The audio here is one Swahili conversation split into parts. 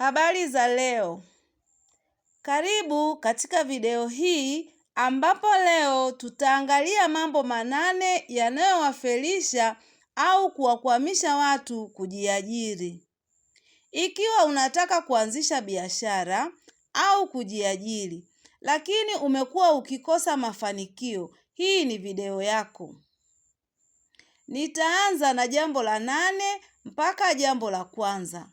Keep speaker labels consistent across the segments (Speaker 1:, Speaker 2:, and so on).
Speaker 1: Habari za leo. Karibu katika video hii ambapo leo tutaangalia mambo manane yanayowafelisha au kuwakwamisha watu kujiajiri. Ikiwa unataka kuanzisha biashara au kujiajiri lakini umekuwa ukikosa mafanikio, hii ni video yako. Nitaanza na jambo la nane mpaka jambo la kwanza.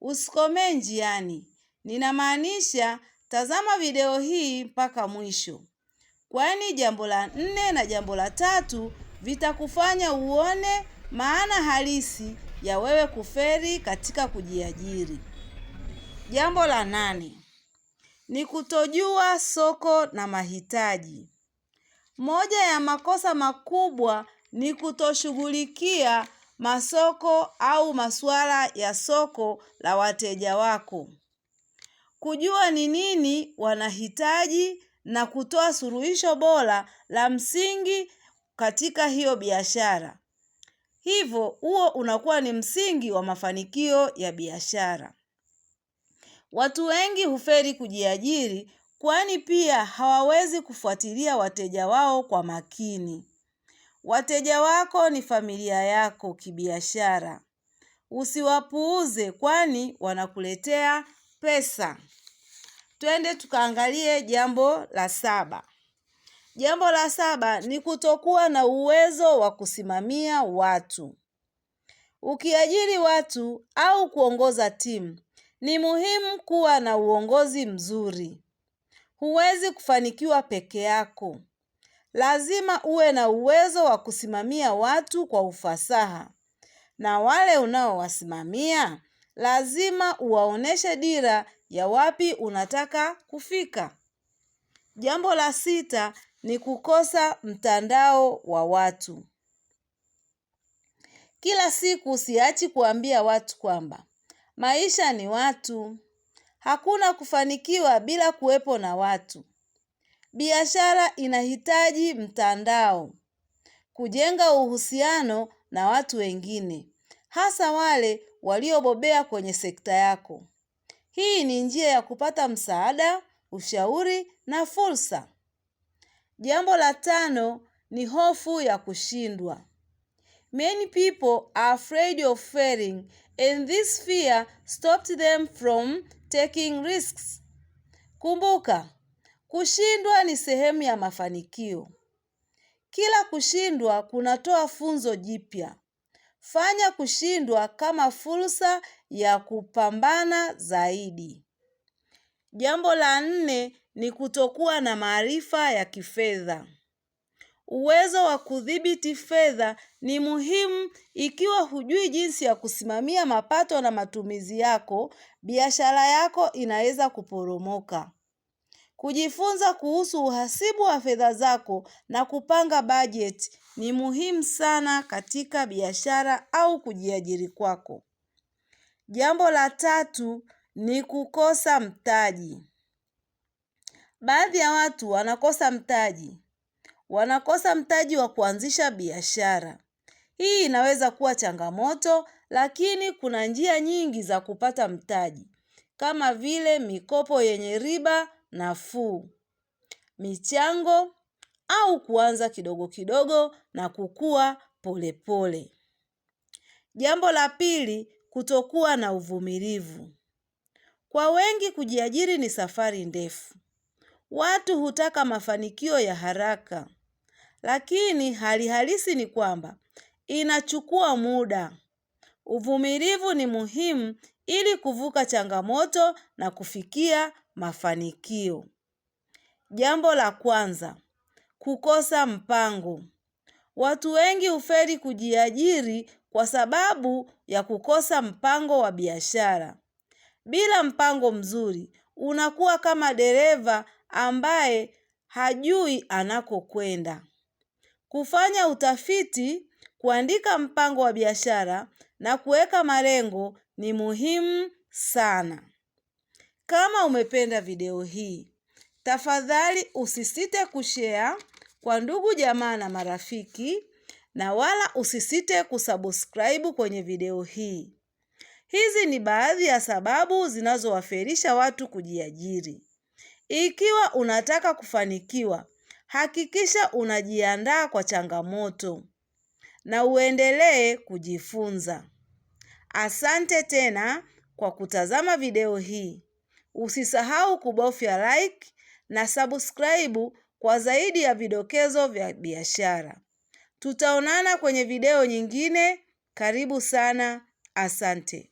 Speaker 1: Usikomee njiani, ninamaanisha tazama video hii mpaka mwisho, kwani jambo la nne na jambo la tatu vitakufanya uone maana halisi ya wewe kuferi katika kujiajiri. Jambo la nane ni kutojua soko na mahitaji. Moja ya makosa makubwa ni kutoshughulikia masoko au masuala ya soko la wateja wako, kujua ni nini wanahitaji na kutoa suluhisho bora la msingi katika hiyo biashara. Hivyo huo unakuwa ni msingi wa mafanikio ya biashara. Watu wengi huferi kujiajiri kwani pia hawawezi kufuatilia wateja wao kwa makini. Wateja wako ni familia yako kibiashara. Usiwapuuze kwani wanakuletea pesa. Twende tukaangalie jambo la saba. Jambo la saba ni kutokuwa na uwezo wa kusimamia watu. Ukiajiri watu au kuongoza timu, ni muhimu kuwa na uongozi mzuri. Huwezi kufanikiwa peke yako lazima uwe na uwezo wa kusimamia watu kwa ufasaha, na wale unaowasimamia lazima uwaoneshe dira ya wapi unataka kufika. Jambo la sita ni kukosa mtandao wa watu. Kila siku siachi kuambia watu kwamba maisha ni watu. Hakuna kufanikiwa bila kuwepo na watu. Biashara inahitaji mtandao kujenga uhusiano na watu wengine, hasa wale waliobobea kwenye sekta yako. Hii ni njia ya kupata msaada, ushauri na fursa. Jambo la tano ni hofu ya kushindwa. Many people are afraid of failing and this fear stops them from taking risks. Kumbuka, Kushindwa ni sehemu ya mafanikio. Kila kushindwa kunatoa funzo jipya. Fanya kushindwa kama fursa ya kupambana zaidi. Jambo la nne ni kutokuwa na maarifa ya kifedha. Uwezo wa kudhibiti fedha ni muhimu ikiwa hujui jinsi ya kusimamia mapato na matumizi yako, biashara yako inaweza kuporomoka. Kujifunza kuhusu uhasibu wa fedha zako na kupanga bajeti ni muhimu sana katika biashara au kujiajiri kwako. Jambo la tatu ni kukosa mtaji. Baadhi ya watu wanakosa mtaji. Wanakosa mtaji wa kuanzisha biashara. Hii inaweza kuwa changamoto lakini kuna njia nyingi za kupata mtaji. Kama vile mikopo yenye riba nafuu, michango au kuanza kidogo kidogo na kukua polepole. Jambo la pili, kutokuwa na uvumilivu. Kwa wengi kujiajiri ni safari ndefu. Watu hutaka mafanikio ya haraka. Lakini hali halisi ni kwamba inachukua muda. Uvumilivu ni muhimu ili kuvuka changamoto na kufikia mafanikio. Jambo la kwanza, kukosa mpango. Watu wengi hufeli kujiajiri kwa sababu ya kukosa mpango wa biashara. Bila mpango mzuri, unakuwa kama dereva ambaye hajui anakokwenda. Kufanya utafiti, kuandika mpango wa biashara na kuweka malengo ni muhimu sana. Kama umependa video hii, tafadhali usisite kushare kwa ndugu jamaa na marafiki na wala usisite kusubscribe kwenye video hii. Hizi ni baadhi ya sababu zinazowafelisha watu kujiajiri. Ikiwa unataka kufanikiwa, hakikisha unajiandaa kwa changamoto na uendelee kujifunza. Asante tena kwa kutazama video hii. Usisahau kubofya like na subscribe kwa zaidi ya vidokezo vya biashara. Tutaonana kwenye video nyingine. Karibu sana. Asante.